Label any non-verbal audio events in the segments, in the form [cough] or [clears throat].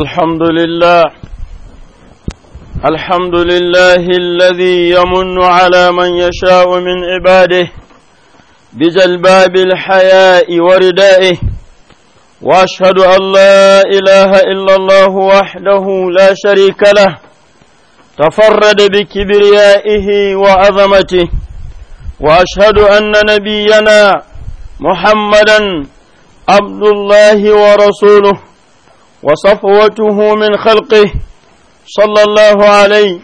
الحمد لله الحمد لله الذي يمن على من يشاء من عباده بجلباب الحياء وردائه واشهد ان لا اله الا الله وحده لا شريك له تفرد بكبريائه وعظمته واشهد ان نبينا محمدا عبد الله ورسوله وصفوته من خلقه صلى الله عليه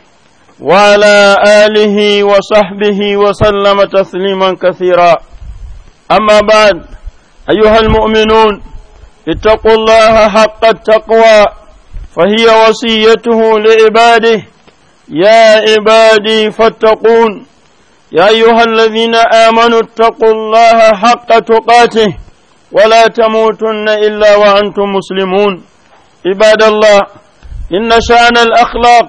وعلى آله وصحبه وسلم تسليما كثيرا أما بعد أيها المؤمنون اتقوا الله حق التقوى فهي وصيته لعباده يا عبادي فاتقون يا أيها الذين آمنوا اتقوا الله حق تقاته ولا تموتن إلا وأنتم مسلمون عباد الله إن شأن الأخلاق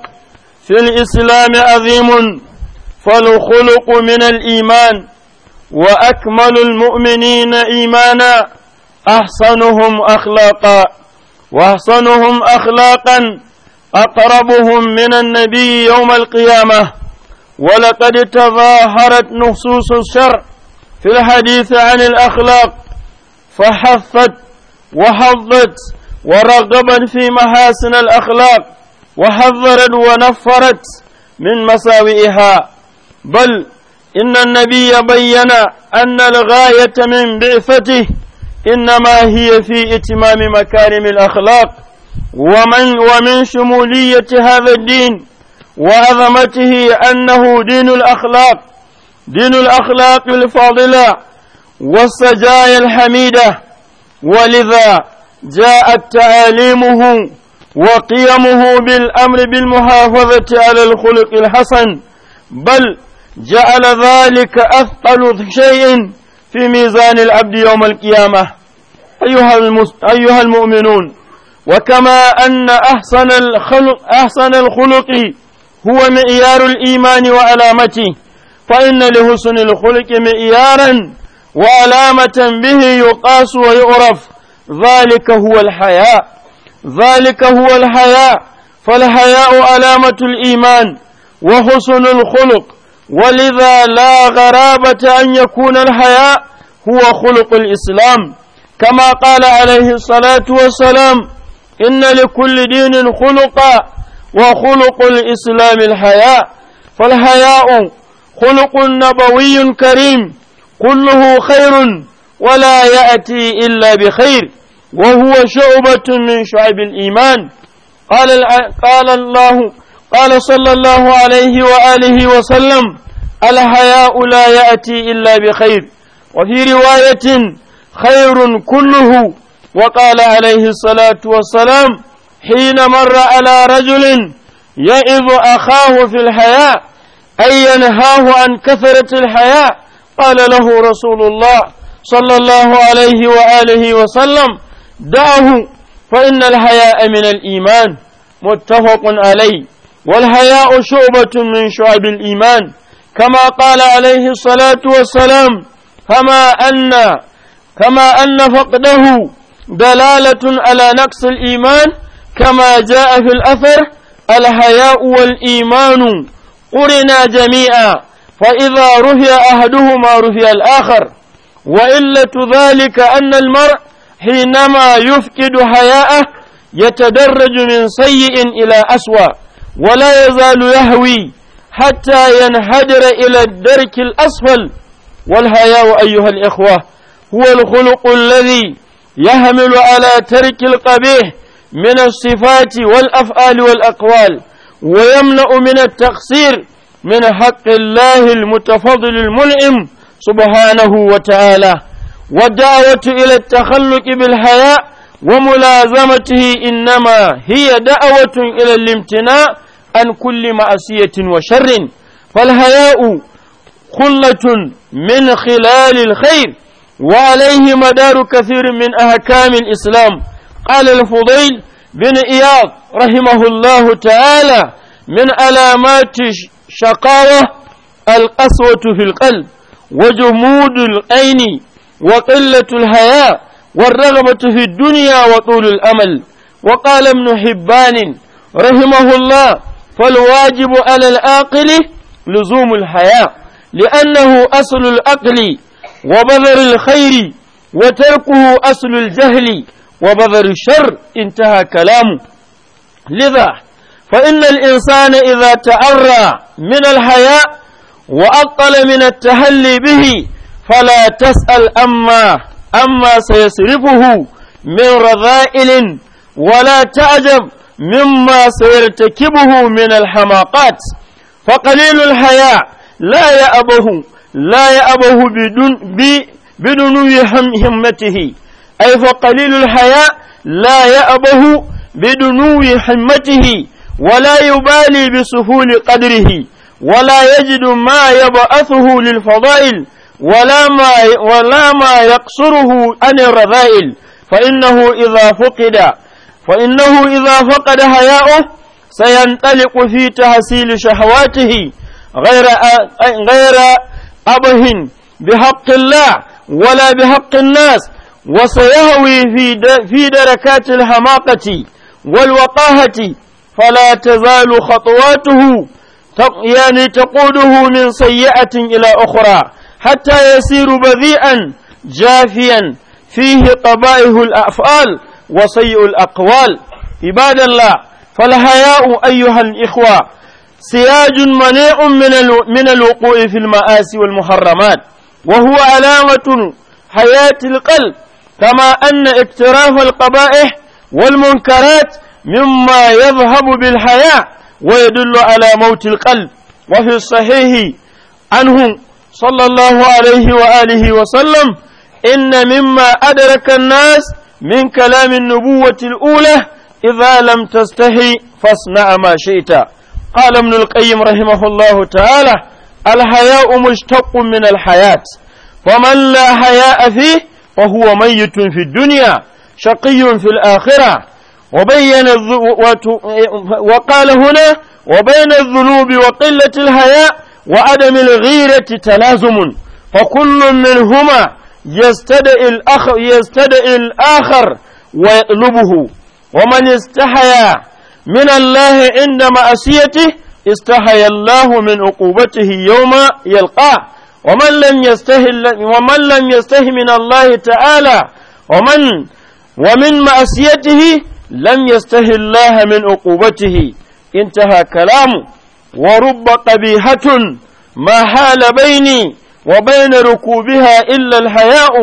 في الإسلام عظيم فالخلق من الإيمان وأكمل المؤمنين إيمانا أحسنهم أخلاقا وأحسنهم أخلاقا أقربهم من النبي يوم القيامة ولقد تظاهرت نصوص الشرع في الحديث عن الأخلاق فحفت وحظت ورغبا في محاسن الأخلاق وحذرا ونفرت من مساوئها بل إن النبي بين أن الغاية من بعثته إنما هي في إتمام مكارم الأخلاق ومن ومن شمولية هذا الدين وعظمته أنه دين الأخلاق دين الأخلاق الفاضلة والسجايا الحميدة ولذا جاءت تعاليمه وقيمه بالأمر بالمحافظة على الخلق الحسن بل جعل ذلك أثقل شيء في ميزان العبد يوم القيامة أيها, المس... أيها المؤمنون وكما أن أحسن الخلق, أحسن الخلق هو معيار الإيمان وعلامته فإن لحسن الخلق معيارا وعلامة به يقاس ويعرف ذلك هو الحياء ذلك هو الحياء فالحياء علامة الإيمان وحسن الخلق ولذا لا غرابة أن يكون الحياء هو خلق الإسلام كما قال عليه الصلاة والسلام إن لكل دين خلقا وخلق الإسلام الحياء فالحياء خلق نبوي كريم كله خير ولا يأتي إلا بخير وهو شعبة من شعب الإيمان قال قال الله قال صلى الله عليه وآله وسلم الحياء لا يأتي إلا بخير وفي رواية خير كله وقال عليه الصلاة والسلام حين مر على رجل يئذ أخاه في الحياء أي ينهاه عن كثرة الحياء قال له رسول الله صلى الله عليه وآله وسلم دعه فإن الحياء من الإيمان متفق عليه والحياء شعبة من شعب الإيمان كما قال عليه الصلاة والسلام كما أن كما أن فقده دلالة على نقص الإيمان كما جاء في الأثر الحياء والإيمان قرنا جميعا فإذا رفع أحدهما رفع الآخر وإلة ذلك أن المرء حينما يفقد حياءه يتدرج من سيء إلى أسوأ ولا يزال يهوي حتى ينحدر إلى الدرك الأسفل والحياء أيها الإخوة هو الخلق الذي يحمل على ترك القبيح من الصفات والأفعال والأقوال ويمنع من التقصير من حق الله المتفضل المنعم سبحانه وتعالى والدعوة إلى التخلق بالحياء وملازمته إنما هي دعوة إلى الامتناع عن كل معصية وشر فالحياء خلة من خلال الخير وعليه مدار كثير من أحكام الإسلام قال الفضيل بن إياض رحمه الله تعالى من علامات شقاوة القسوة في القلب وجمود العين وقلة الحياء والرغبة في الدنيا وطول الأمل وقال ابن حبان رحمه الله فالواجب على العاقل لزوم الحياء لأنه أصل الأقل وبذر الخير وتركه أصل الجهل وبذر الشر انتهى كلامه لذا فإن الإنسان إذا تعرى من الحياء وأقل من التهلي به fala tas'al amma amma sayasrifuhu min radha'ilin wala ta'jab مما سيرتكبه من الحماقات فقليل الحياء لا يأبه لا يأبه بدون بدنو هم همته أي فقليل الحياء لا يأبه بدنو همته ولا يبالي بسهول قدره ولا يجد ما يبعثه للفضائل ولا ما يقصره عن الرذائل فإنه إذا فقد فإنه إذا فقد حياؤه سينطلق في تحصيل شهواته غير غير أبه بحق الله ولا بحق الناس وسيهوي في في دركات الحماقة والوقاهة فلا تزال خطواته يعني تقوده من سيئة إلى أخرى حتى يصير بذيئا جافيا فيه قبائه الأفعال وسيء الأقوال عباد الله فالحياء أيها الإخوة سياج منيع من من الوقوع في المآسي والمحرمات وهو علامة حياة القلب كما أن اقتراف القبائح والمنكرات مما يذهب بالحياة ويدل على موت القلب وفي الصحيح عنهم صلى الله عليه وآله وسلم إن مما أدرك الناس من كلام النبوة الأولى إذا لم تستحي فاصنع ما شئت قال ابن القيم رحمه الله تعالى الحياء مشتق من الحياة ومن لا حياء فيه وهو ميت في الدنيا شقي في الآخرة وبين وقال هنا وبين الذنوب وقلة الحياء وعدم الغيرة تلازم فكل منهما يستدعي الأخر, يستدعي الآخر ويطلبه ومن استحيا من الله عند معصيته استحيا الله من عقوبته يوم يلقاه ومن لم يستحي ومن لم يستحي من الله تعالى ومن ومن معصيته لم يستحي الله من عقوبته انتهى كلامه ورب قبيحة ما حال بيني وبين ركوبها إلا الحياء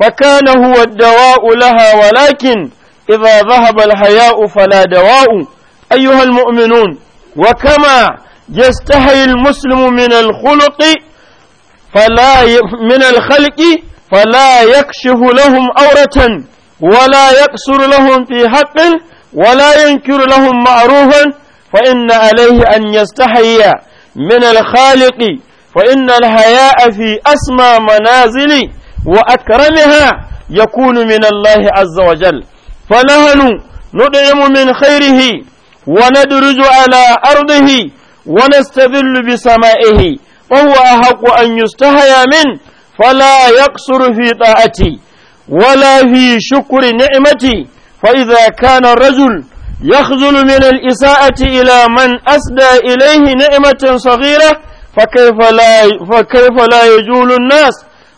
فكان هو الدواء لها ولكن إذا ذهب الحياء فلا دواء أيها المؤمنون وكما يستحي المسلم من الخلق فلا من الخلق فلا يكشف لهم عورة ولا يقصر لهم في حقه ولا ينكر لهم معروفا فإن عليه أن يستحي من الخالق فإن الحياء في أسمى منازل وأكرمها يكون من الله عز وجل فنحن ندعم من خيره وندرج على أرضه ونستذل بسمائه وهو أحق أن يستحيا منه فلا يقصر في طاعتي ولا في شكر نعمتي فإذا كان الرجل يخذل من الإساءة إلى من أسدى إليه نعمة صغيرة فكيف لا فكيف لا يجول الناس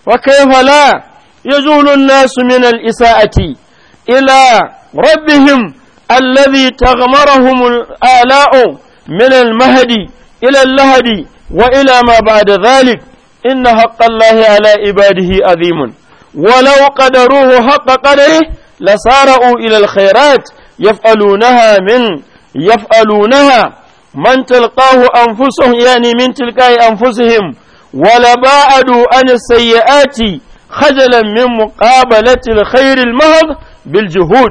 وكيف لا يجول الناس من الإساءة إلى ربهم الذي تغمرهم الآلاء من المهدي إلى اللهدي وإلى ما بعد ذلك إن حق الله على عباده عظيم ولو قدروه حق قدره لصاروا إلى الخيرات يفعلونها من يفعلونها من تلقاه أنفسهم يعني من تلقاء أنفسهم ولباعدوا عن السيئات خجلا من مقابلة الخير المهض بالجهود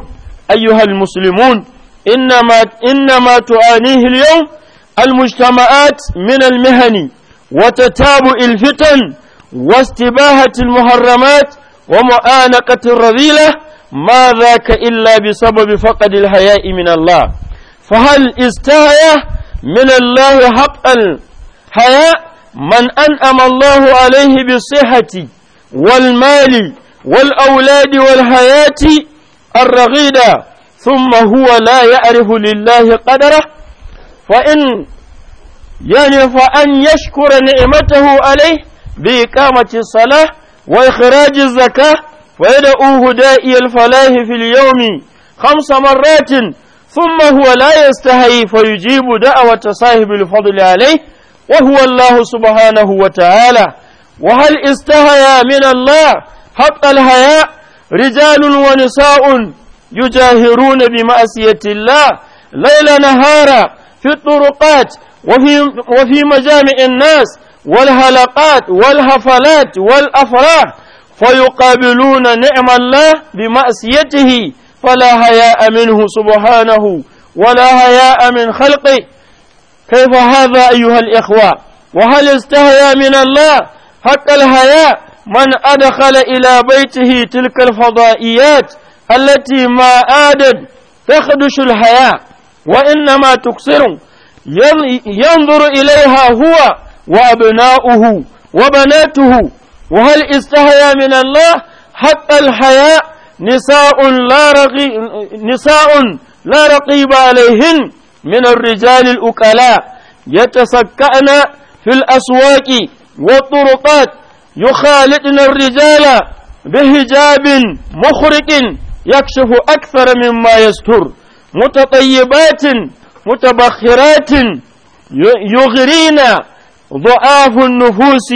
أيها المسلمون إنما إنما تعانيه اليوم المجتمعات من المهن وتتابع الفتن واستباحة المحرمات ومعانقة الرذيلة ما ذاك إلا بسبب فقد الحياء من الله فهل استايا من الله حق الحياء من أنعم الله عليه بالصحة والمال والأولاد والحياة الرغيدة ثم هو لا يعرف لله قدره فإن يعني فأن يشكر نعمته عليه بإقامة الصلاة وإخراج الزكاة ويدعوه دائي الفلاح في اليوم خمس مرات ثم هو لا يستحي فيجيب دعوة صاحب الفضل عليه وهو الله سبحانه وتعالى وهل استهيا من الله حق الحياء رجال ونساء يجاهرون بمعصية الله ليل نهارا في الطرقات وفي, وفي مجامع الناس والهلقات والهفلات والأفراح فيقابلون نعم الله بمعصيته فلا هياء منه سبحانه ولا هياء من خلقه كيف هذا أيها الإخوة وهل استهيا من الله حق الهياء من أدخل إلى بيته تلك الفضائيات التي ما آدت تخدش الحياة وإنما تكسر ينظر إليها هو وأبناؤه وبناته وهل استحيا من الله حق الحياء نساء لا رقي نساء لا رقيب عليهن من الرجال الأكلاء يتسكأن في الأسواق والطرقات يخالطن الرجال بحجاب مخرق يكشف أكثر مما يستر متطيبات متبخرات يغرين ضعاف النفوس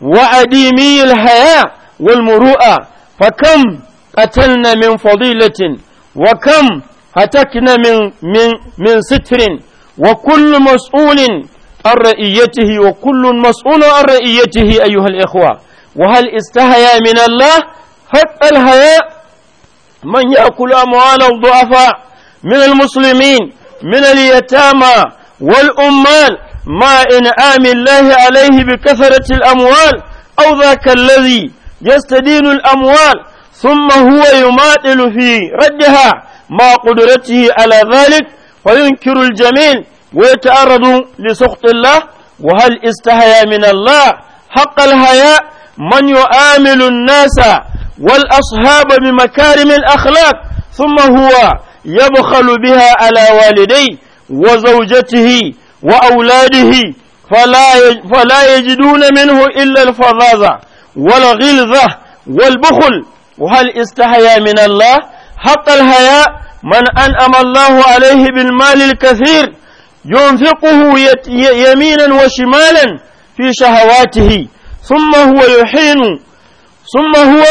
وأديمي الحياء والمروءة فكم قتلنا من فضيلة وكم هتكنا من, من, من ستر وكل مسؤول عن رئيته وكل مسؤول عن رئيته أيها الإخوة وهل استهيا من الله حق الهياء من يأكل أموال الضعفاء من المسلمين من اليتامى والأمال ما إنعام الله عليه بكثرة الأموال أو ذاك الذي يستدين الأموال ثم هو يماطل في ردها مع قدرته على ذلك وينكر الجميل ويتعرض لسخط الله وهل استحيا من الله حق الهياء من يعامل الناس والأصحاب بمكارم الأخلاق ثم هو يبخل بها على والديه وزوجته وأولاده فلا فلا يجدون منه إلا الفظاظة والغلظة والبخل وهل استحيا من الله حق الحياء من أنعم الله عليه بالمال الكثير ينفقه يمينا وشمالا في شهواته ثم هو يحين ثم هو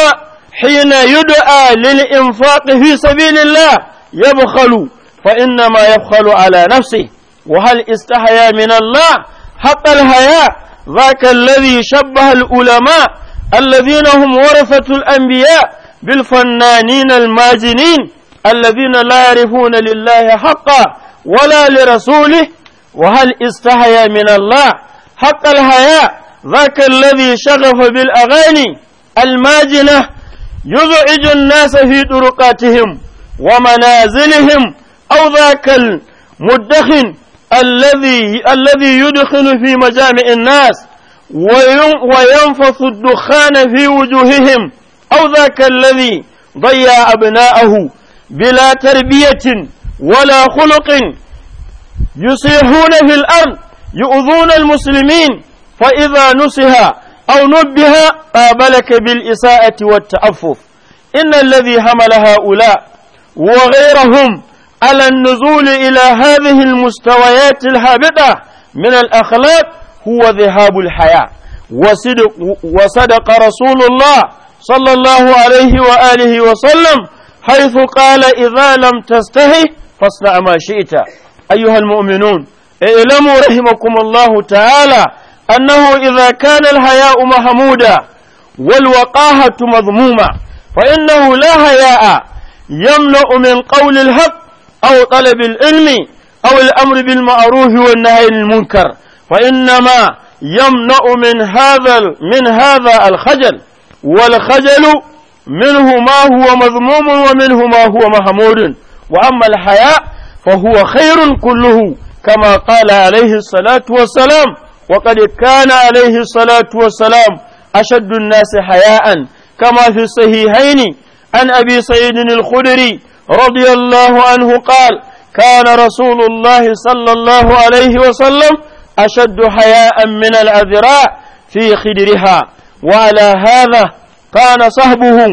حين يدعى للإنفاق في سبيل الله يبخل فإنما يبخل على نفسه وهل استحيا من الله حق الحياء ذاك الذي شبه العلماء الذين هم ورثة الأنبياء بالفنانين الماجنين الذين لا يعرفون لله حقا ولا لرسوله وهل استحيا من الله حق الحياء ذاك الذي شغف بالأغاني الماجنة يزعج الناس في طرقاتهم ومنازلهم أو ذاك المدخن الذي الذي يدخل في مجامع الناس وينفث الدخان في وجوههم أو ذاك الذي ضيع أبناءه بلا تربية ولا خلق يصيحون في الأرض يؤذون المسلمين فإذا نسها أو نبه قابلك بالإساءة والتأفف إن الذي حمل هؤلاء وغيرهم على النزول إلى هذه المستويات الهابطة من الأخلاق هو ذهاب الحياة وصدق, وصدق رسول الله صلى الله عليه وآله وسلم حيث قال إذا لم تستهي فاصنع ما شئت أيها المؤمنون اعلموا رحمكم الله تعالى أنه إذا كان الحياء محمودا والوقاهة مذمومة فإنه لا هياء يملأ من قول الحق أو طلب العلم أو الأمر بالمعروف والنهي عن المنكر وإنما يمنع من هذا من هذا الخجل والخجل منه ما هو مذموم ومنه ما هو مهمول وأما الحياء فهو خير كله كما قال عليه الصلاة والسلام وقد كان عليه الصلاة والسلام أشد الناس حياء كما في الصحيحين عن أبي سعيد الخدري رضي الله عنه قال كان رسول الله صلى الله عليه وسلم أشد حياء من الأذراع في خدرها وعلى هذا كان صحبه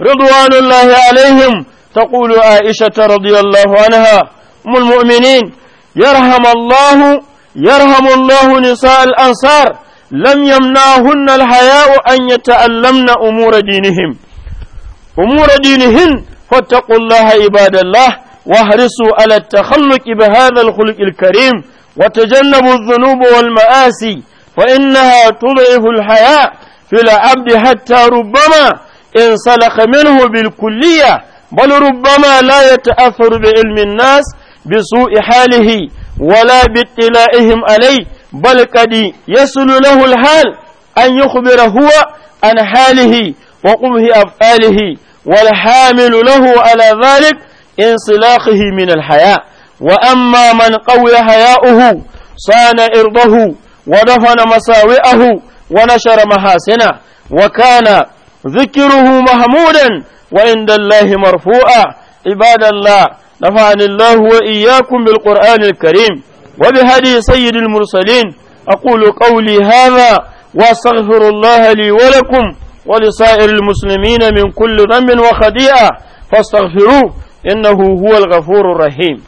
رضوان الله عليهم تقول عائشة رضي الله عنها أم المؤمنين يرحم الله يرحم الله نساء الأنصار لم يمنعهن الحياء أن يتألمن أمور دينهم أمور دينهن فاتقوا الله عباد الله واحرصوا على التخلق بهذا الخلق الكريم وتجنبوا الذنوب والمآسي فإنها تضعف الحياء في العبد حتى ربما انسلخ منه بالكلية بل ربما لا يتأثر بعلم الناس بسوء حاله ولا باطلاعهم عليه بل قد يصل له الحال أن يخبر هو عن حاله وقبه أفعاله والحامل له على ذلك انسلاخه من الحياء وأما من قوي حياؤه صان إرضه ودفن مساوئه ونشر محاسنه وكان ذكره محمودا وعند الله مرفوعا عباد الله نفعني الله وإياكم بالقرآن الكريم وبهدي سيد المرسلين أقول قولي هذا وأستغفر الله لي ولكم ولسائر المسلمين من كل ذنب وخطيئة فاستغفروه إنه هو الغفور الرحيم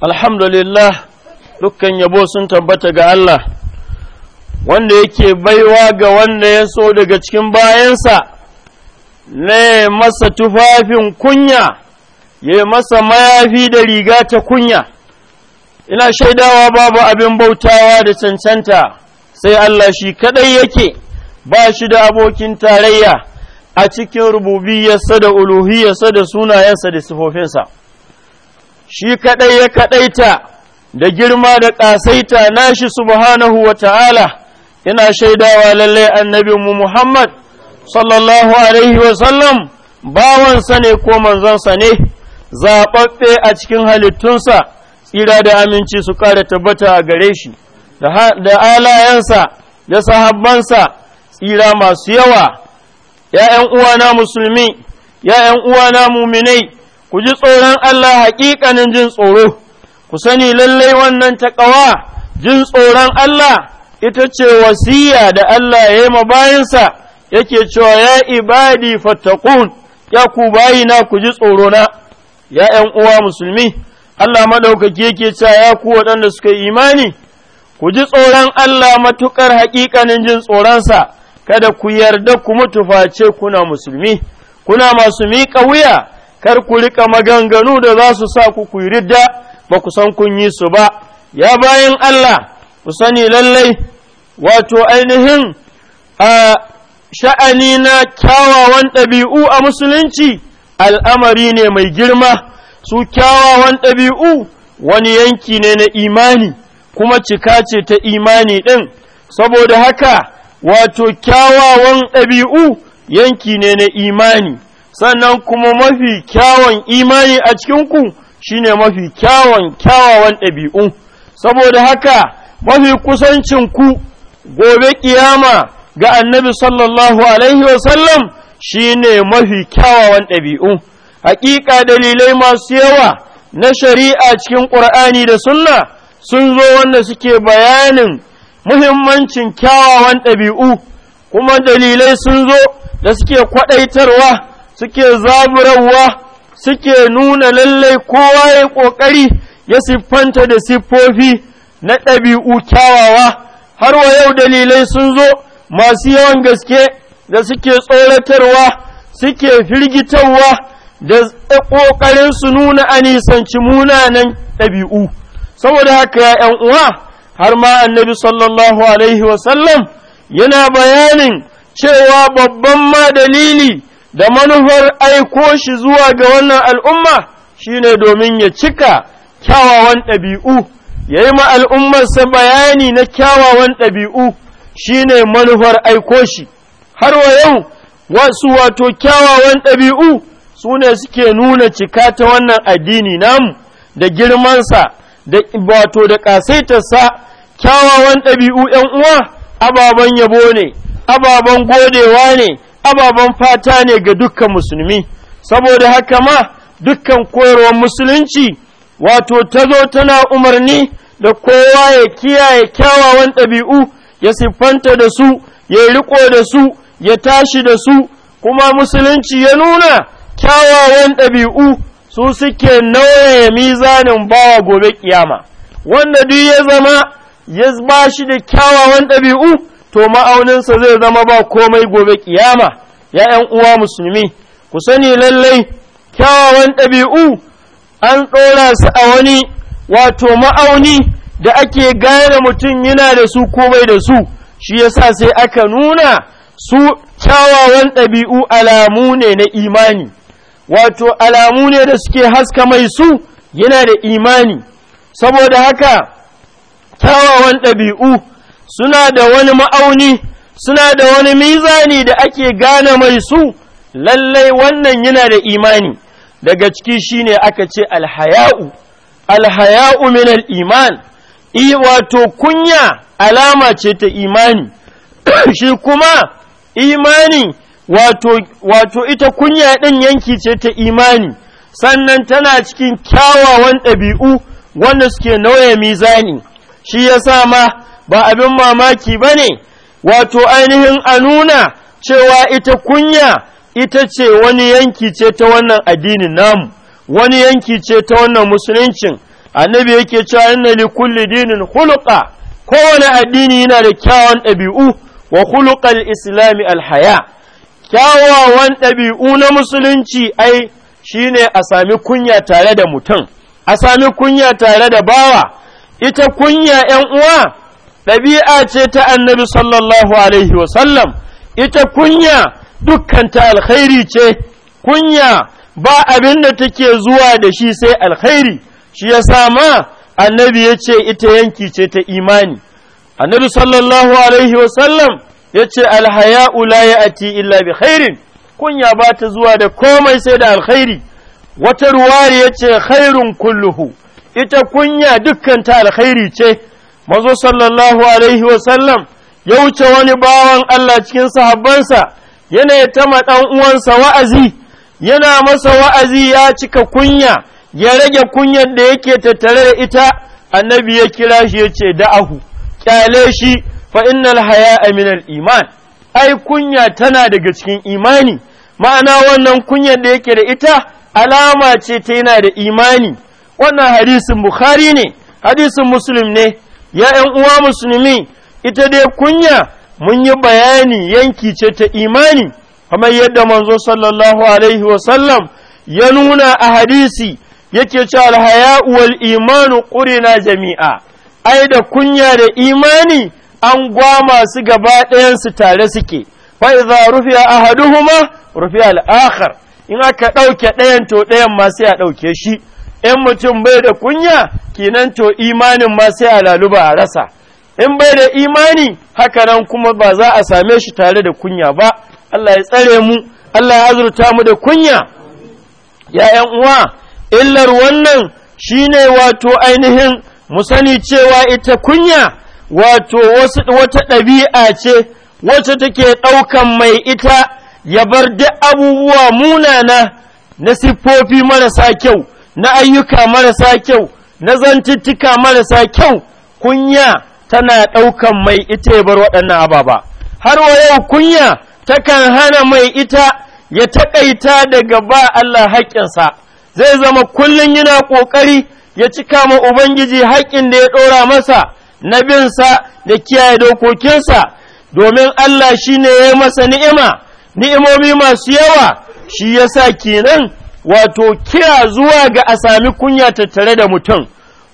alhamdulillah dukkan yabo sun tabbata ga Allah wanda yake baiwa ga wanda ya so daga cikin bayansa ne masa tufafin kunya ya masa mayafi da riga ta kunya ina shaidawa babu abin bautawa da cancanta sai Allah shi kaɗai yake ba shi da abokin tarayya a cikin rububiyarsa da uluhiyarsa da sunayensa da sifofinsa shi kaɗai ya kaɗaita da girma da ƙasaita nashi subhanahu wa ta'ala ina shaidawa lallai annabinmu Muhammad sallallahu alaihi wasallam bawansa ne ko manzansa ne zaɓaɓɓe a cikin halittunsa tsira da aminci su ƙara tabbata a gare shi da alayensa da sahabbansa tsira masu yawa ‘ya'yan uwana musulmi ‘ya'yan uwana muminai ku ji tsoron Allah haƙiƙanin jin tsoro ku sani lallai wannan taƙawa jin tsoron Allah ita ce wasiya da Allah ya yi ma bayansa yake cewa ya ibadi fattakun ya ku bayina ku ji tsorona ya ’yan uwa musulmi, Allah maɗaukaki yake cewa ya ku waɗanda suka yi imani, ku ji tsoron Allah matuƙar haƙiƙanin jin tsoronsa, kada ku yarda ku mutu face kuna musulmi, kuna masu miƙa wuya, kar ku riƙa maganganu da za su sa ku ku ridda ba ku san kun yi su ba, ya bayan Allah, ku sani lallai, wato ainihin a sha'ani na kyawawan ɗabi'u a musulunci. al'amari ne mai girma su kyawawan ɗabi'u wani yanki ne na imani kuma cika ce ta imani ɗin saboda haka wato kyawawan ɗabi'u yanki ne na imani sannan kuma mafi kyawan imani a cikinku shine mafi kyawan kyawawan ɗabi'u saboda haka mafi kusancinku gobe ƙiyama ga annabi sallallahu alaihi wasallam shi ne mafi kyawawan ɗabi'u, haƙiƙa dalilai masu yawa na shari'a cikin ƙur'ani da sunna sun zo wanda suke bayanin muhimmancin kyawawan ɗabi'u, kuma dalilai sun zo da suke kwaɗaitarwa, suke zaburarwa, suke nuna lallai kowa ya ƙoƙari ya siffanta da siffofi na ɗabi'u kyawawa, har wa yau dalilai sun zo masu yawan gaske. da suke tsoratarwa suke firgitarwa da ƙoƙarin su nuna a nisanci munanan ɗabi'u saboda haka ‘yan uwa har ma annabi sallallahu alaihi wasallam yana bayanin cewa babban ma dalili da manufar aiko shi zuwa ga wannan al'umma shine domin ya cika kyawawan ɗabi'u ya yi ma al'ummarsa bayani na kyawawan ɗabi'u shine manufar aiko shi har wa yau wasu wato kyawawan ɗabi'u su ne suke nuna cika ta wannan addini namu da girmansa da wato da ƙasaitarsa kyawawan ɗabi'u ‘yan uwa ababen yabo ne ababen godewa ne ababen fata ne ga dukkan musulmi saboda haka ma dukkan koyarwar musulunci wato ta zo tana umarni da kowa ya kiyaye kyawawan ɗabi'u ya siffanta da su ya riko da su ya tashi da su kuma musulunci ya nuna kyawawan ɗabi'u su suke nauye mizanin bawa gobe ƙiyama. wanda duk ya zama ya ba shi da kyawawan ɗabi'u to ma'auninsa zai zama ba komai gobe ƙiyama. ya ‘yan uwa musulmi ku sani lallai kyawawan ɗabi'u an ɗora su a wani wato ma'auni da ake gane mutum yana da su ko bai da su shi yasa sai aka nuna su kyawawan ɗabi'u alamu ne na imani wato alamu ne da suke haska mai su yana da imani saboda haka kyawawan ɗabi'u suna da wani ma'auni suna da wani mizani da ake gane mai su lallai wannan yana da imani daga ciki shi ne aka ce alhaya'u alhaya'u min iman wato kunya alama ce ta imani [clears throat] shi kuma imani wato wato ita kunya ɗin yanki ce ta imani sannan tana cikin kyawawan ɗabi'u wanda suke nauye mizani shi yasa ma ba abin mamaki ba ne wato ainihin a nuna cewa ita kunya ita ce wani yanki ce ta wannan addinin namu wani yanki ce ta wannan musuluncin annabi yake cewa inna li kulli dinin khuluqa kowane addini yana da kyawawan ɗabi'u wa khuluqal islami alhaya kyawawan ɗabi'u na musulunci ai shine a sami kunya tare da mutum a sami kunya tare da bawa ita kunya ‘yan uwa ɗabi'a ce ta annabi sallallahu alaihi wasallam ita kunya dukkan ta alkhairi ce kunya ba abin da take zuwa da shi sai alkhairi shi ya ma annabi ya ce ita yanki ce ta imani annabi sallallahu alaihi wasallam ya ce alhaya'u la ya'ati illa bi khairin kunya ba ta zuwa da komai sai da alkhairi wata ruwari ya ce khairun kulluhu ita kunya dukkan ta alkhairi ce mazo sallallahu alaihi wasallam ya wuce wani bawan Allah cikin sahabbansa yana ta ma ɗan uwansa wa'azi yana masa wa'azi ya cika kunya ya rage kunyar da yake tattare da ita annabi ya kira shi ya ce da'ahu kyale shi fa innal haya'a min al iman ai kunya tana daga cikin imani ma'ana wannan kunyar da yake da ita alama ce ta yana da imani wannan hadisin bukhari ne hadisin muslim ne ya ƴan uwa musulmi ita dai kunya mun yi bayani yanki ce ta imani kamar yadda manzo sallallahu alaihi wa sallam ya nuna a hadisi yake cewa alhaya wal imanu qurina jami'a ai da kunya da imani an gwama su gaba su tare suke fa idza rufiya ahaduhuma rufiya al-akhar in aka ɗauke ɗayan to ɗayan ma sai a ɗauke shi in mutum bai da kunya kinan to imanin ma sai a laluba a rasa in bai da imani haka nan kuma ba za a same shi tare da kunya ba Allah ya tsare mu Allah ya azurta mu da kunya Yayan uwa illar wannan shine wato ainihin mu sani cewa ita kunya wato wasu wata ɗabi'a ce wacce take ɗaukan mai ita ya bar da abubuwa munana na siffofi marasa kyau na ayyuka marasa kyau na zantuttuka marasa kyau kunya tana ɗaukan mai ita ya bar waɗannan ababa har wa yau kunya takan hana mai ita ya taƙaita daga ba Allah haƙƙinsa zai zama kullum yana ƙoƙari ya cika ma Ubangiji haƙƙin da ya ɗora masa na binsa da kiyaye dokokinsa, domin Allah shi ne ya yi masa ni'ima, ni'imomi masu yawa, shi ya sa kenan wato kira zuwa ga a sami kunya tattare da mutum.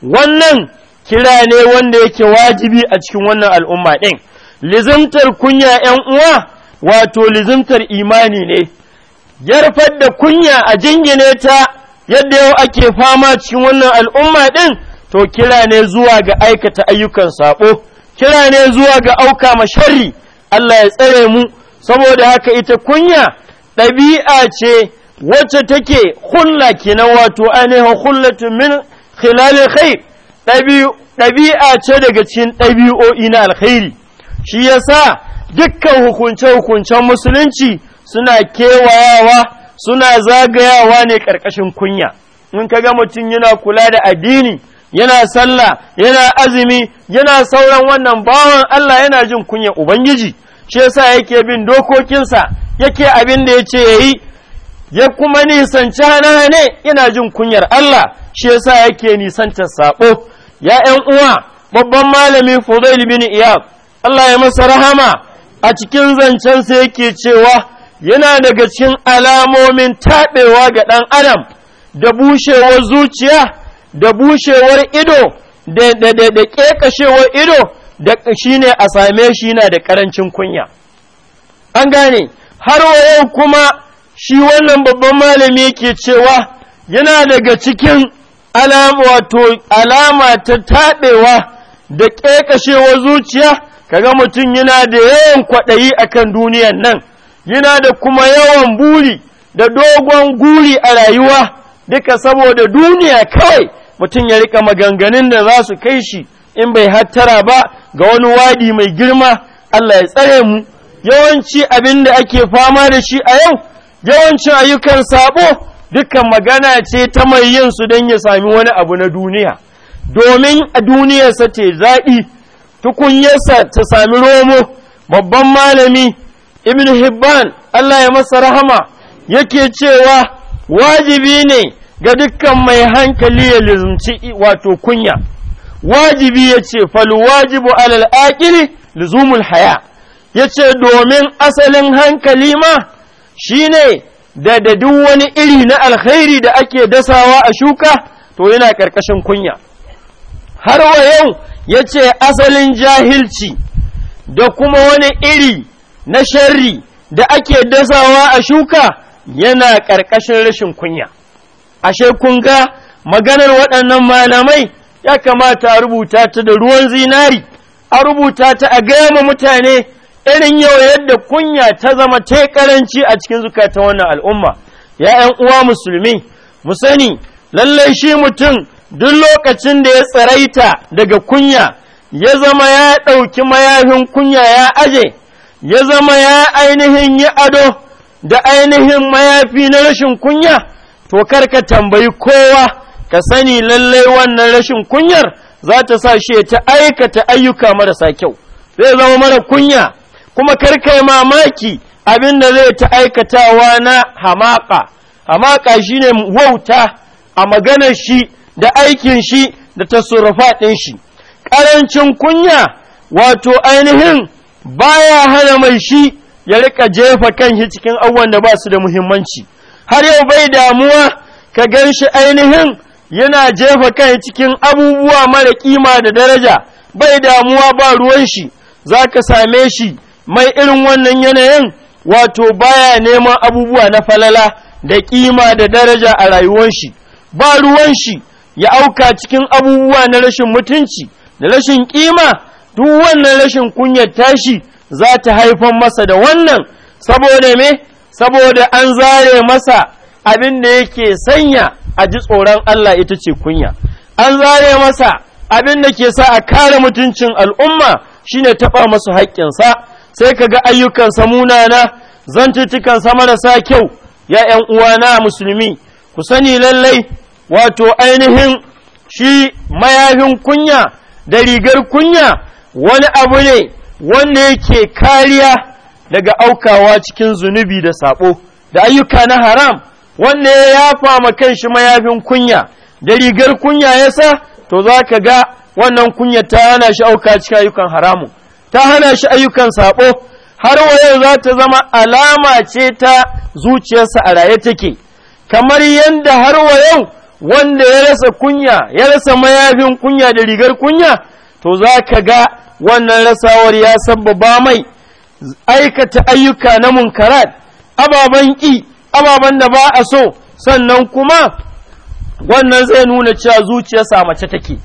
Wannan kira ne wanda yake wajibi a cikin wannan al'umma ɗin. Lizimtar kunya ‘yan uwa, wato lizimtar imani ne, yarfar da kunya a jingine ta yadda yau ake fama cikin wannan al'umma ɗin to kira ne zuwa ga aikata ayyukan saɓo kira ne zuwa ga auka masharri Allah ya tsare mu saboda haka ita kunya ɗabi'a ce wacce take hulla kenan wato ainihin hullatu min khilali khair ɗabi'a ce daga cikin ɗabi'o'i na alkhairi shi yasa dukkan hukunce-hukuncen musulunci suna kewayawa suna zagayawa ne ƙarƙashin kunya in kaga ga mutum yana kula da addini yana sallah yana azumi yana sauran wannan bawan Allah yana jin kunya ubangiji shi yasa yake bin dokokinsa yake abin da yace yayi ya kuma nisanci hana ne yana jin kunyar Allah shi yasa yake nisantar sabo ya ƴan uwa babban malami Fudail bin Iyad Allah ya masa rahama a cikin zancensa yake cewa yana daga cikin alamomin taɓewa ga ɗan adam da bushewar zuciya da bushewar ido da da ƙeƙashewar ido da shi ne a same shi yana da ƙarancin kunya an gane har yau kuma shi wannan babban malami ke cewa yana daga cikin alama ta taɓewa da ƙeƙashewar zuciya kaga mutum yana da yawan kwaɗayi akan duniyan nan yana da kuma yawan buri da dogon guri a rayuwa duka saboda duniya kawai mutum ya rika maganganun da za su kai shi in bai hattara ba ga wani wadi mai girma Allah ya tsare mu yawanci abin da ake fama da shi a yau yawancin ayyukan sabo dukkan magana ce ta mai yin su don ya sami wani abu na duniya domin a duniyarsa ce zaɗi tukunyarsa ta sami romo babban malami ibn hibban Allah ya masa rahama yake cewa wajibi ne ga dukkan mai hankali ya lizumci wato kunya wajibi ya ce wajibu alal aqili luzumul haya ya ce domin asalin hankali ma shine da da duk wani iri na alkhairi da ake dasawa a shuka to yana ƙarƙashin kunya har wa yau ya ce asalin jahilci da kuma wani iri na sharri da ake dasawa a shuka yana ƙarƙashin rashin kunya ashe kun ga maganar waɗannan malamai ya kamata a rubuta ta da ruwan zinari a rubuta ta a gama mutane irin yau yadda kunya ta zama ta karanci a cikin ta wannan al'umma Ya'yan uwa musulmi mu sani lallai shi mutum duk lokacin da ya tsaraita daga kunya ya zama ya ɗauki mayafin kunya ya aje ya zama ya ainihin yi ado da ainihin mayafi na rashin kunya to karka tambayi kowa ka sani lallai wannan rashin kunyar za ta sa shi ta aikata ayyuka marasa kyau zai zama mara kunya kuma yi mamaki abin da zai ta aikatawa na hamaka hamaka ne wauta a maganar shi da aikin shi da ta ɗin shi ƙarancin kunya wato ainihin baya hana mai shi ya rika jefa kan kanshi cikin abubuwan da ba su da muhimmanci har yau bai damuwa ka gan shi ainihin yana jefa kan cikin abubuwa mara kima da daraja bai damuwa ba ruwan shi za ka same shi mai irin wannan yanayin wato baya neman abubuwa na falala da kima da daraja a rayuwar shi ba ruwan shi ya auka cikin abubuwa na rashin mutunci da rashin kima duk wannan rashin kunyar tashi za ta haifar masa da wannan saboda me saboda an zare masa abin da yake sanya a ji tsoron Allah ita ce kunya an zare masa abin da ke sa a kare mutuncin al'umma shine taɓa masu haƙƙinsa sai ka ga ayyukansa munana zantuttukansa marasa kyau ya ‘yan uwana musulmi ku sani lallai wato ainihin shi mayafin kunya da rigar kunya wani abu ne wanda yake kariya daga aukawa cikin zunubi da sabo da ayyuka na haram wanda ya yafa ma kanshi mayafin kunya da rigar kunya ya sa to za ka ga wannan kunya ta hana shi auka cikin ayyukan haramu ta hana shi ayyukan sabo har wa yau za ta zama alama ce ta zuciyarsa a raye take kamar yadda har wa yau wanda ya rasa kunya ya rasa mayafin kunya da rigar kunya to za ka ga wannan rasawar ya sababa mai aikata ayyuka na munkarat ababen ƙi ababen da ba a so sannan kuma wannan zai nuna cewa zuciyarsa mace take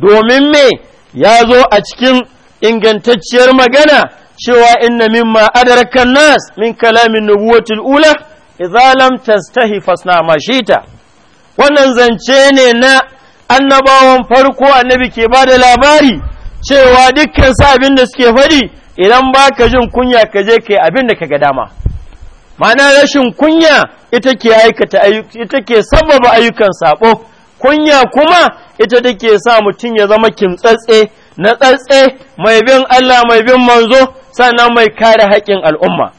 domin me ya zo a cikin ingantacciyar magana cewa inna mimma adarakan nas min kalamin nubuwatul ula idza lam tastahi fasna mashita wannan zance ne na annabawan farko annabi ke ba da labari cewa dukkan sa abin da suke faɗi idan ba ka jin kunya ka je kai abin da ka ga dama ma'ana rashin kunya ita ke aikata ita ke sababa ayyukan sabo kunya kuma ita take sa mutum ya zama kimtsatse na tsatse mai bin Allah mai bin manzo sannan mai kare haƙƙin al'umma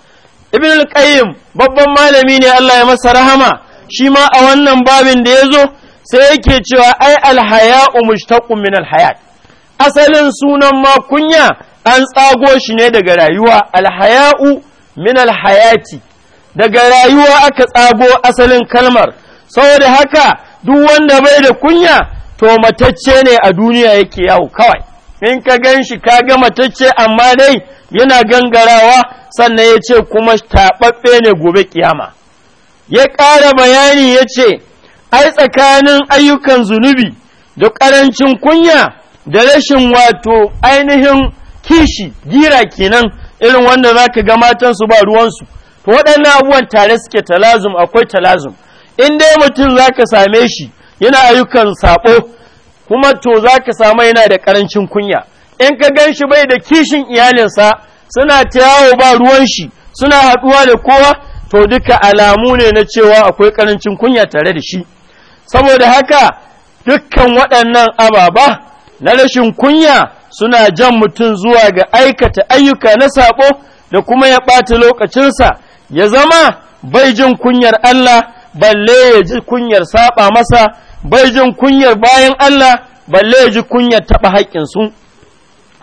ibn al-qayyim babban malami ne Allah ya masa rahama shi ma a wannan babin da ya zo sai yake cewa ai alhaya'u mushtaqun min alhayat asalin sunan ma kunya an tsago shi ne daga rayuwa alhaya'u min alhayati daga rayuwa aka tsago asalin kalmar saboda haka duk wanda bai da kunya to matacce ne a duniya yake yawo kawai in ka gan shi ka ga matacce amma dai yana gangarawa sannan ya ce kuma taɓaɓɓe ne gobe kiyama ya ƙara bayani ya ce ai tsakanin ayyukan zunubi da ƙarancin kunya da rashin wato ainihin kishi gira kenan irin wanda za ka ga su ba ruwansu to waɗannan abubuwan tare suke talazum akwai talazum in dai mutum za ka same shi yana ayyukan saɓo kuma to za ka samu yana da ƙarancin kunya in ka gan shi bai da kishin iyalinsa suna ta yawo ba ruwan shi suna haɗuwa da kowa to duka alamu ne na cewa akwai ƙarancin kunya tare da shi saboda haka dukkan waɗannan ababa na rashin kunya suna jan mutum zuwa ga aikata ayyuka na saɓo da kuma ya ɓata lokacinsa ya zama bai jin kunyar Allah balle ya ji kunyar saɓa masa bai jin kunyar bayan Allah balle ya ji kunyar taɓa haƙƙinsu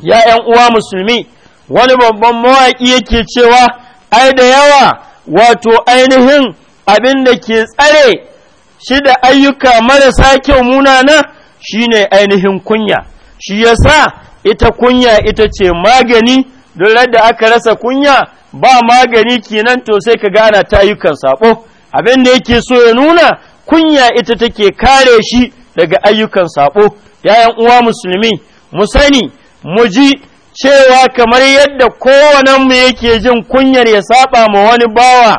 ya ‘yan uwa musulmi wani babban mawaƙi yake cewa ai da yawa wato ainihin abin da ke tsare shi da ayyuka marasa kyau munana shine ainihin kunya shi ya sa ita kunya ita ce magani don da aka rasa kunya ba magani kenan to sai ka gana ta ayyukan sabo abin da yake so ya nuna kunya ita take kare shi daga ayyukan sabo yayan uwa musulmi mu sani mu ji cewa kamar yadda kowanenmu mu yake jin kunyar ya saɓa ma wani bawa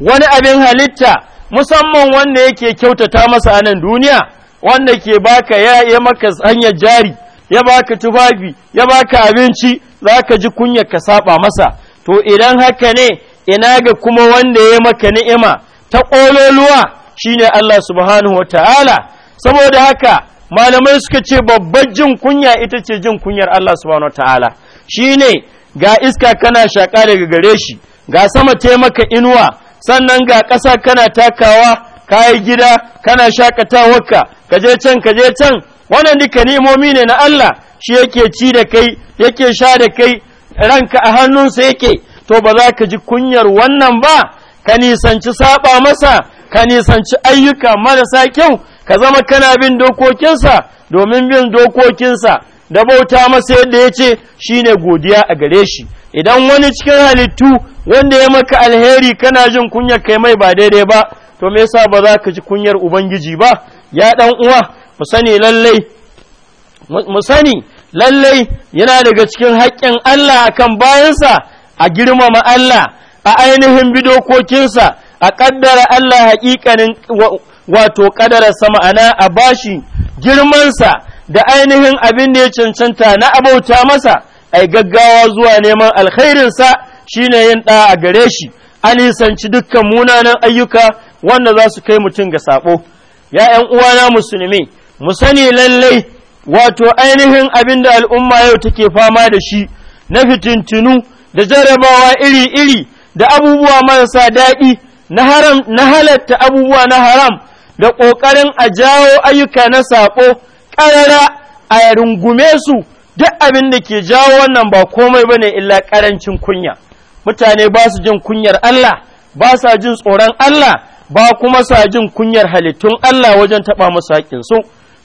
wani abin halitta musamman wanda yake kyautata masa a nan duniya wanda ke baka ya yi maka hanyar jari ya baka tufafi ya baka abinci za ka ji kunya ka saba masa to idan haka ne ina ga kuma wanda ya maka ni'ima ta ƙololuwa shine Allah subhanahu ta'ala saboda haka malamai suka ce babbar jin kunya ita ce jin kunyar Allah subhanahu ta'ala shine ga iska kana shaƙa daga gare shi ga sama taimaka inuwa sannan ga ƙasa kana takawa kayi gida kana shakatawarka ka je can ka can wannan duka ni'imomi ne na Allah shi yake ci da kai yake sha da kai ranka a hannunsa yake to ba za ka ji kunyar wannan ba ka nisanci saba masa ka nisanci ayyuka marasa kyau ka zama kana bin dokokinsa domin bin dokokinsa da bauta masa yadda ya ce shine godiya a gare shi idan wani cikin halittu wanda ya maka alheri kana jin kunyar kai mai ba daidai ba to me yasa ba za ka ji kunyar ubangiji ba ya dan uwa mu sani lallai mu sani lallai yana daga cikin haƙƙin Allah akan bayansa a girmama Allah a ainihin bidokokinsa a ƙaddara Allah haƙiƙanin wato ƙadararsa ma'ana a bashi girmansa da ainihin abin da ya cancanta na abauta masa ai gaggawa zuwa neman alkhairinsa shine yin ɗa a gare shi an nisanci dukkan munanan ayyuka wanda za su kai mutum ga saɓo. ya ’yan uwana musulmi mu sani lallai wato ainihin abinda al'umma yau take fama da shi na fitintinu da jarabawa iri-iri da abubuwa marasa daɗi na halatta abubuwa na haram da ƙoƙarin a jawo ayyuka na saƙo ƙarara a rungume su duk abin da ke jawo wannan ba komai ba ne illa ƙarancin kunya mutane ba su jin kunyar Allah ba sa jin tsoron Allah ba kuma sa jin kunyar halittun Allah wajen taɓa masu haƙinsu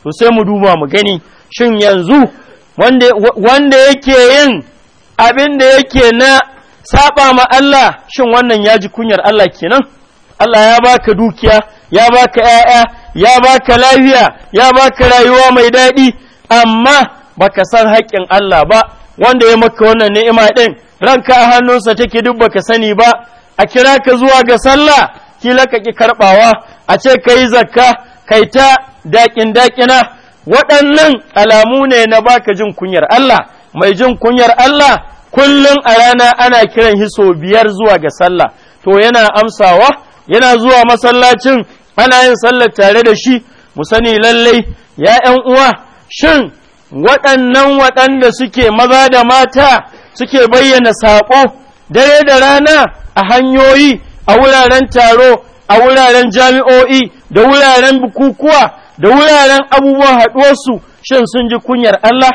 to sai mu duba mu gani shin yanzu wanda yake yin abin da yake na saɓa ma Allah shin wannan ya ji kunyar Allah kenan Allah ya baka dukiya ya baka ‘ya'ya ya baka lafiya ya baka rayuwa mai daɗi amma baka san haƙƙin Allah ba wanda ya maka wannan ni'ima din ranka a hannunsa take duk baka sani ba a kira ka zuwa ga sallah kila ka ki karbawa a ce kai zakka kai ta dakin dakina waɗannan alamu ne na baka jin kunyar Allah mai jin kunyar Allah kullum a rana ana kiran hiso biyar zuwa ga sallah to yana amsawa yana zuwa masallacin ana yin sallah tare da shi mu sani lallai ya ’yan uwa shin waɗannan waɗanda suke maza da mata suke bayyana saƙo dare da rana a hanyoyi a wuraren taro a wuraren jami'o'i da wuraren bukukuwa da wuraren abubuwan haɗuwarsu shin sun ji kunyar Allah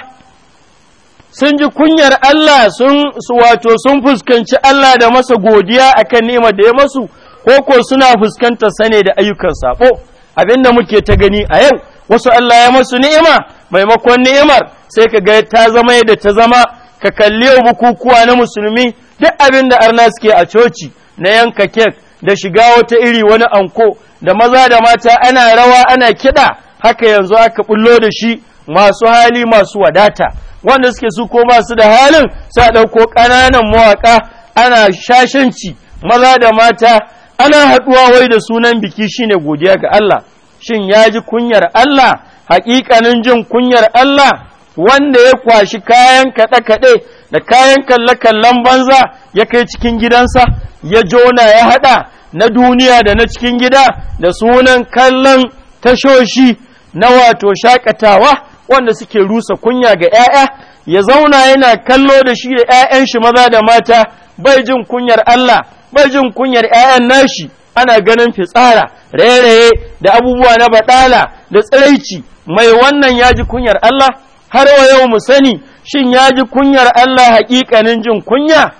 sun ji kunyar Allah sun wato sun fuskanci Allah da masa godiya a kan nema da ya masu ko ko suna fuskantar sane da ayyukan saɓo abinda muke ta gani a yau wasu Allah ya masu ni'ima maimakon ni'imar sai ka ga ta zama yadda ta zama ka kalli yau bukukuwa na musulmi duk abin da arna suke a coci na yanka kek da shiga wata iri wani anko da maza da mata ana rawa ana kiɗa haka yanzu aka bullo da shi masu hali masu wadata wanda suke su ko masu da halin sa ɗauko ƙananan mawaƙa ana shashanci maza da mata ana haɗuwa wai da sunan biki shine godiya ga Allah shin ya ji kunyar Allah haƙiƙanin jin kunyar Allah wanda ya kwashi kayan kaɗe-kaɗe da kayan kalle-kallen banza ya kai cikin gidansa ya jona ya haɗa na duniya da na cikin gida da sunan kallon tashoshi na wato shaƙatawa, wanda suke rusa kunya ga 'ya'ya ya zauna yana kallo da shi da 'ya'yan shi maza da mata bai jin kunyar Allah bai jin kunyar 'ya'yan nashi ana ganin fitsara raye-raye da abubuwa na baɗala da tsiraici mai wannan ya ji kunyar Allah har wa yau mu sani shin ya ji kunyar Allah haƙiƙanin jin kunya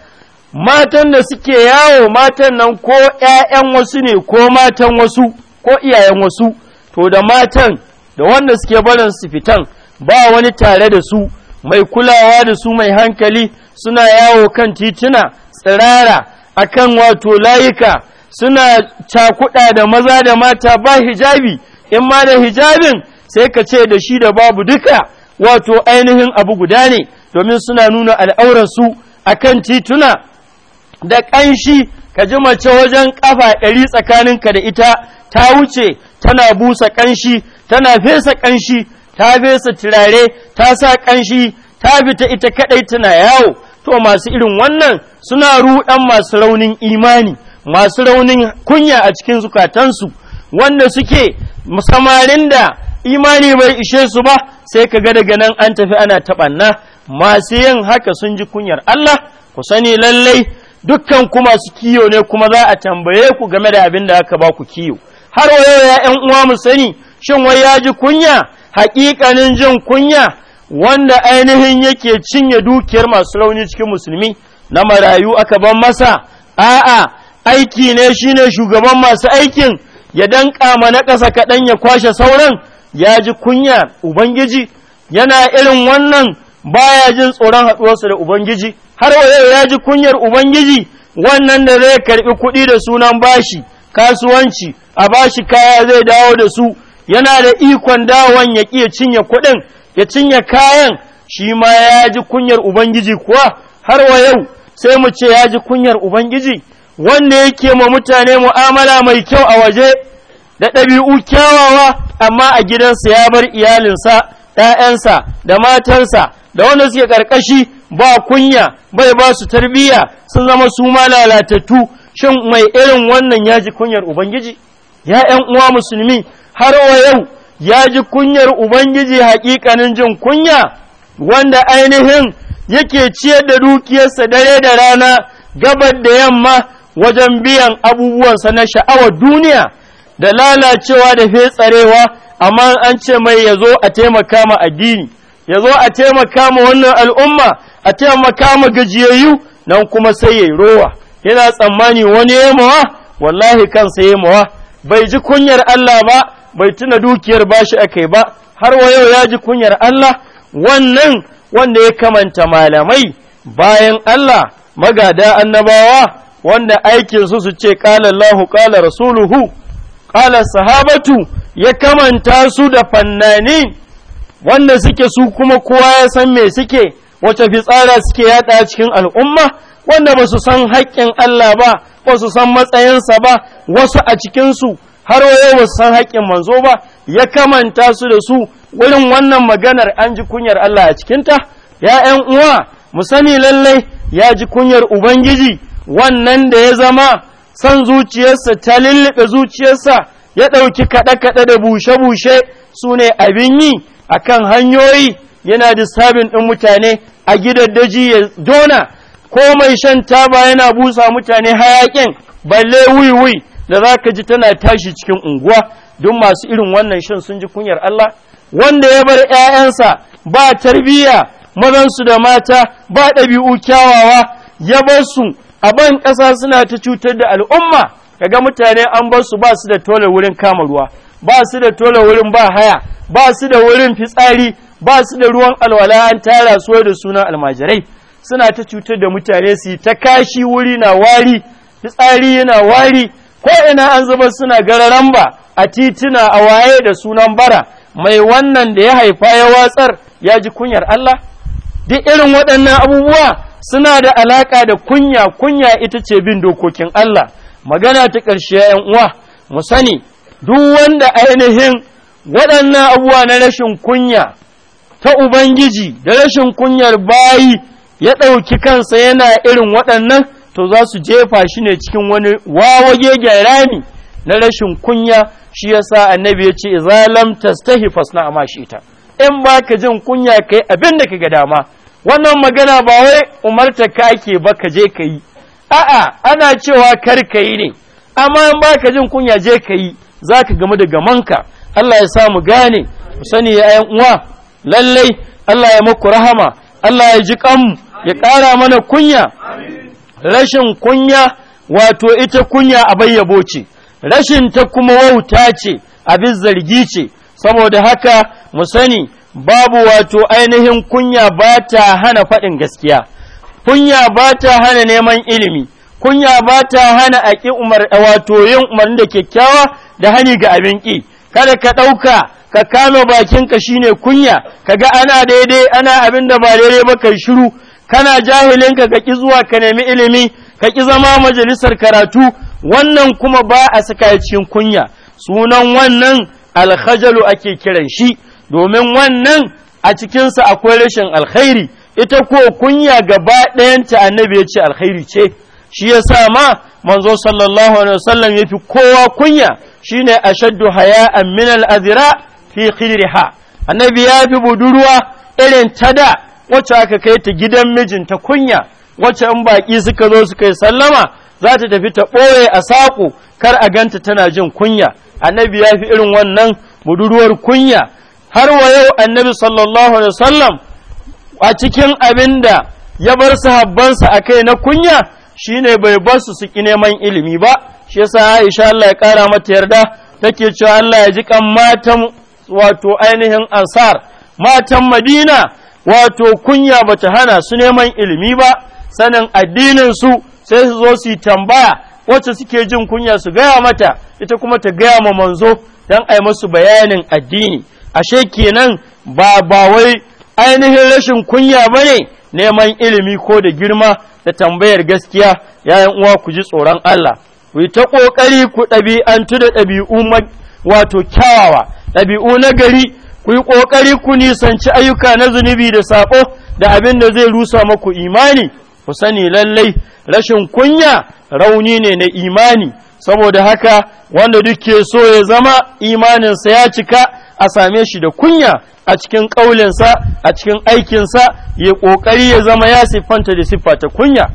matan da suke yawo matan nan ko ‘ya'yan wasu ne ko matan wasu ko iyayen wasu to da matan da wanda suke barin su fitan ba wani tare da su mai kulawa da su mai hankali suna yawo kan tituna tsirara akan wato layuka suna cakuɗa da maza da mata ba hijabi in ma da hijabin sai ka ce da shi da babu duka wato ainihin abu guda ne domin suna nuna al'auransu a kan tituna da ƙanshi ka ji mace wajen ƙafa ɗari tsakaninka da ita ta wuce tana busa ƙanshi tana fesa ƙanshi ta fesa turare ta sa ƙanshi ta fita ita kaɗai tana yawo to masu irin wannan suna ruɗan masu raunin imani masu raunin kunya a cikin zukatansu wanda suke samarin da imani bai ishe su ba sai ka ga daga nan an tafi ana taɓanna masu yin haka sun ji kunyar Allah ku sani lallai dukkan ku masu kiyo ne kuma za a tambaye ku game da abin da aka ba ku kiyo har wayo ya 'yan uwa mu sani shin wai ya ji kunya haƙiƙanin jin kunya wanda ainihin yake cinye dukiyar masu rauni cikin musulmi na marayu aka ban masa a'a aiki ne shine shugaban masu aikin ya danƙa ma na ƙasa kaɗan ya kwashe sauran ya ji kunya ubangiji yana irin wannan baya jin tsoron haɗuwarsa da ubangiji har wa ya ji kunyar ubangiji wannan da zai karɓi kuɗi da sunan bashi kasuwanci a bashi kaya zai dawo da su yana da ikon dawon ya ƙi cinye kuɗin ya cinye kayan shi ma ya ji kunyar ubangiji kuwa har wa yau sai mu ce ya ji kunyar ubangiji wanda yake ma mutane mu'amala mai kyau a waje da ɗabi'u kyawawa amma a gidansa ya bar iyalinsa ‘ya'yansa da matansa da wanda suke ƙarƙashi ba kunya bai ba su tarbiyya sun zama su ma lalatattu shin mai irin wannan ya ji kunyar ubangiji ya ‘yan uwa musulmi har wa yau ya ji kunyar ubangiji haƙiƙanin jin kunya wanda ainihin yake ciyar da dukiyarsa dare da rana gabar da yamma wajen biyan abubuwansa na sha'awar duniya da lalacewa da fetsarewa amma an ce mai ya zo a taimaka ma addini ya zo a taimaka ma wannan al'umma a taimaka ma gajiyayyu nan kuma sai ya rowa yana tsammani wani ya mawa wallahi kansa ya mawa bai ji kunyar Allah ba bai tuna dukiyar bashi akai ba har wa yau ya ji kunyar Allah wannan wanda ya kamanta malamai bayan Allah magada annabawa wanda aikinsu su ce ƙalallahu ƙala rasuluhu qala sahabatu ya kamanta su da fannani wanda suke su kuma kowa ya san me suke wace fitsara suke yada cikin al'umma wanda ba su san haƙƙin Allah ba ba su san matsayinsa ba wasu a cikinsu har wayo ba su san haƙƙin manzo ba ya kamanta su da su wurin wannan maganar an ji kunyar Allah a cikinta ya ‘yan uwa mu sani lallai ya ji kunyar Ubangiji wannan da ya zama San zuciyarsa ta lullube zuciyarsa ya ɗauki kaɗe-kaɗe da bushe-bushe su ne abin yi a kan hanyoyi yana disturbing ɗin mutane a gidan daji ya dona ko mai shan taba yana busa mutane hayaƙin balle wiwi da za ka ji tana tashi cikin unguwa don masu irin wannan shan sun ji kunyar Allah wanda ya bar ‘ya'yansa ba tarbiyya mazansu da mata ba ɗabi'u kyawawa ya bar su a ban ƙasa suna ta cutar da al'umma kaga mutane an bar su ba su da tole wurin kama ruwa ba su da tole wurin ba haya ba su da wurin fitsari ba su da ruwan alwala an tara su da sunan almajirai suna ta cutar da mutane su ta kashi wuri na wari fitsari yana wari ko ina an zuba suna gararan ba a tituna a waye da sunan bara mai wannan da ya haifa ya watsar ya ji kunyar Allah duk irin waɗannan abubuwa suna da alaƙa da kunya kunya ita ce bin dokokin Allah magana ta ƙarshe ‘yan uwa mu sani duk wanda ainihin waɗannan abubuwa na rashin kunya ta Ubangiji da rashin kunyar bayi ya ɗauki kansa yana irin waɗannan to za su jefa shi ne cikin wani wawage gyarami na rashin kunya shi yasa annabi ya ce zalam tastahi fasna amma shi ita in ba ka jin kunya kai abin da ka ga dama wannan magana ba wai umarta ka ake ba ka je ka yi a'a ana cewa kar ka yi ne amma in ba ka jin kunya je ka yi za ka gamu da gamanka Allah ya sa mu gane mu sani ya uwa lallai Allah ya muku rahama Allah ya ji kanmu ya ƙara mana kunya rashin kunya wato ita kunya a bayyabo ce rashin ta kuma wauta ce abin zargi ce saboda haka mu sani babu wato ainihin kunya ba ta hana faɗin gaskiya, kunya ba ta hana neman ilimi, kunya ba ta hana aƙi umar wato yin umarni da kyakkyawa da hani ga abin ƙi, kada ka ɗauka ka kame bakinka shine kunya, ka ga ana daidai ana abin da ba daidai ba kai shiru, kana jahilinka ka ƙi zuwa ka nemi ilimi, ka ƙi zama majalisar karatu, wannan kuma ba a saka cikin kunya, sunan wannan alhajalu ake kiran shi. domin wannan a cikinsa akwai rashin alkhairi ita ko kunya gaba ɗayanta annabi ya ce alkhairi ce shi ya sa ma manzo sallallahu alaihi wasallam ya fi kowa kunya shine ashaddu haya a minal azira fi khidriha annabi ya fi budurwa irin ta da wacce aka kai ta gidan mijinta kunya wacce in baƙi suka zo suka yi sallama za ta tafi ta ɓoye a saƙo kar a ganta tana jin kunya annabi ya fi irin wannan budurwar kunya har wa yau annabi sallallahu alaihi wasallam a cikin abinda ya bar sahabbansa a kai na kunya shine bai bar su su neman ilimi ba shi yasa Aisha Allah ya kara mata yarda take cewa Allah ya ji kan matan wato ainihin ansar matan Madina wato kunya bata hana su neman ilimi ba sanin addinin su sai su zo su tambaya wacce suke jin kunya su gaya mata ita kuma ta gaya ma manzo dan ai masu bayanin addini ashe kenan ba ba wai ainihin rashin kunya ba ne neman ilimi ko da girma da tambayar gaskiya yayin uwa ku ji tsoron Allah ku ta ƙoƙari ku ɗabi'antu da ɗabi'u wato kyawawa ɗabi'u na gari ku yi ƙoƙari ku nisanci ayyuka na zunubi da saɓo da abin da zai rusa maku imani ku sani lallai rashin kunya rauni ne na imani saboda haka wanda duk ke so ya zama imaninsa ya cika a same shi da kunya a cikin ƙaulinsa a cikin aikinsa ya ƙoƙari ya zama ya siffanta da siffata kunya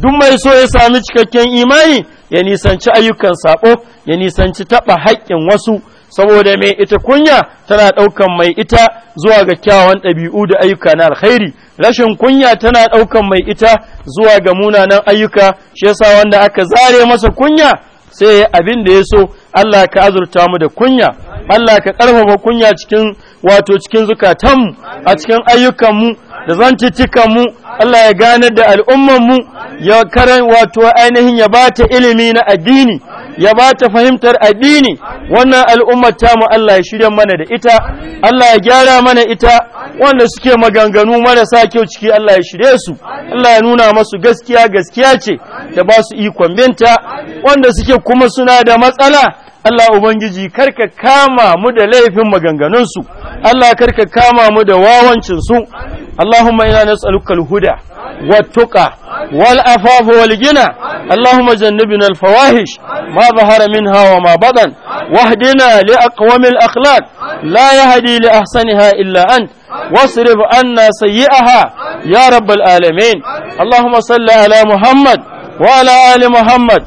duk mai so ya sami cikakken imani ya nisanci ayyukan saɓo ya nisanci taɓa haƙƙin wasu saboda mai ita kunya tana ɗaukan mai ita zuwa ga kyawawan ɗabi'u da ayyuka na alkhairi rashin kunya tana ɗaukan mai ita zuwa ga munanan ayyuka shi yasa wanda aka zare masa kunya sai abin da ya so Allah ka azurta mu da kunya Allah ka ƙarfafa kunya cikin wato cikin zukatanmu a cikin ayyukanmu da zancicikanmu Allah ya ganar da al'ummanmu ya karan wato ainihin ya ba ta ilimi na addini ya ba ta fahimtar addini wannan al'ummar tamu Allah ya shirya mana da ita Allah ya gyara mana ita wanda suke maganganu marasa kyau ciki Allah ya shirye su Allah ya nuna masu gaskiya gaskiya ce da ba su ikon binta wanda suke kuma suna da matsala Allah Ubangiji ka kama mu da laifin maganganunsu, Allah kar ka kama mu da wawancinsu, Allahumma ina na tsalukal huda, wattuka, wal’afafa wal gina, Allahumma jannabin alfawahish, ma zahara min hawa ma baɗan, wahdina li aqwamil akhlaq la ya haɗi li ahsaniha illa an, wasu rib anna sayi'aha ya rabbal alamin Allahumma salli ala Muhammad wa ali Muhammad.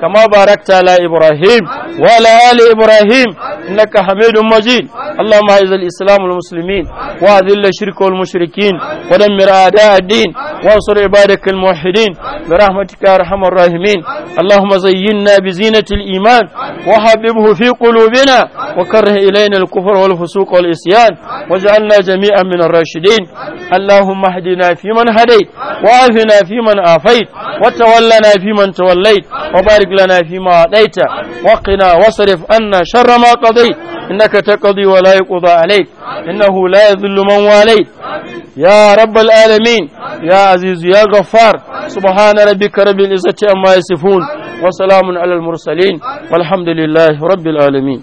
كما باركت على إبراهيم وعلى آل إبراهيم إنك حميد مجيد اللهم أعز الإسلام والمسلمين وأذل الشرك والمشركين ودمر أعداء الدين وانصر عبادك الموحدين برحمتك يا أرحم الراحمين اللهم زينا بزينة الإيمان وحببه في قلوبنا وكره إلينا الكفر والفسوق والإسيان واجعلنا جميعا من الراشدين اللهم اهدنا فيمن هديت وعافنا فيمن عافيت وتولنا فيمن توليت وبارك بارك لنا فيما أعطيت وقنا واصرف عنا شر ما قضيت إنك تقضي ولا يقضى عليك إنه لا يذل من واليت يا رب العالمين يا عزيز يا غفار سبحان ربك رب العزة عما يصفون وسلام على المرسلين والحمد لله رب العالمين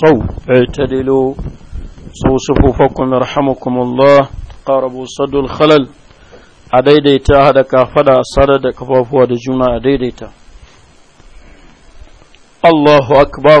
صو اعتدلوا صو صفوفكم يرحمكم الله قاربوا صدوا الخلل أديديتا هذا كافدا صدد كفافوا دجونا أديديتا الله أكبر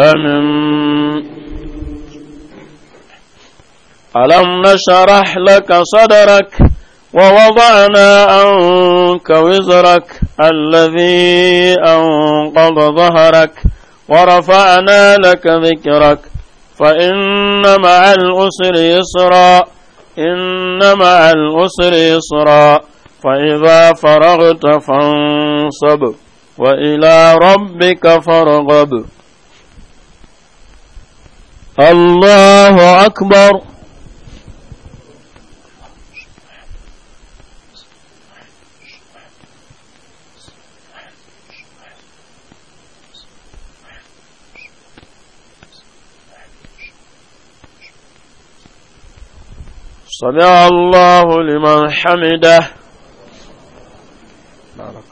آمين ألم نشرح لك صدرك ووضعنا عنك وزرك الذي أنقض ظهرك ورفعنا لك ذكرك فإن مع الأسر يسرا إن مع الأسر يسرا فإذا فرغت فانصب وإلى ربك فارغب الله أكبر صلى الله لمن حمده بارك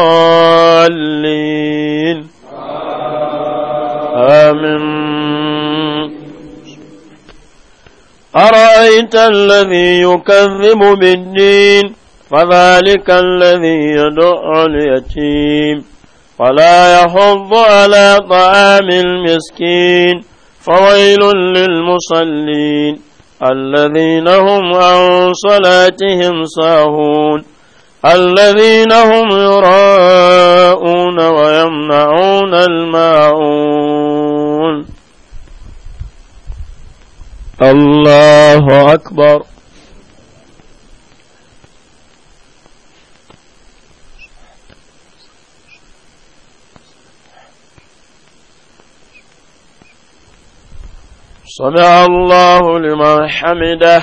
الضالين آمين أرأيت الذي يكذب بالدين فذلك الذي يدعو اليتيم ولا يحض على طعام المسكين فويل للمصلين الذين هم عن صلاتهم ساهون الذين هم يراءون ويمنعون الماعون الله أكبر صلى الله لمن حمده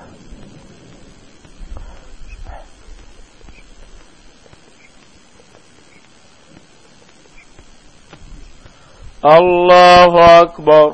الله أكبر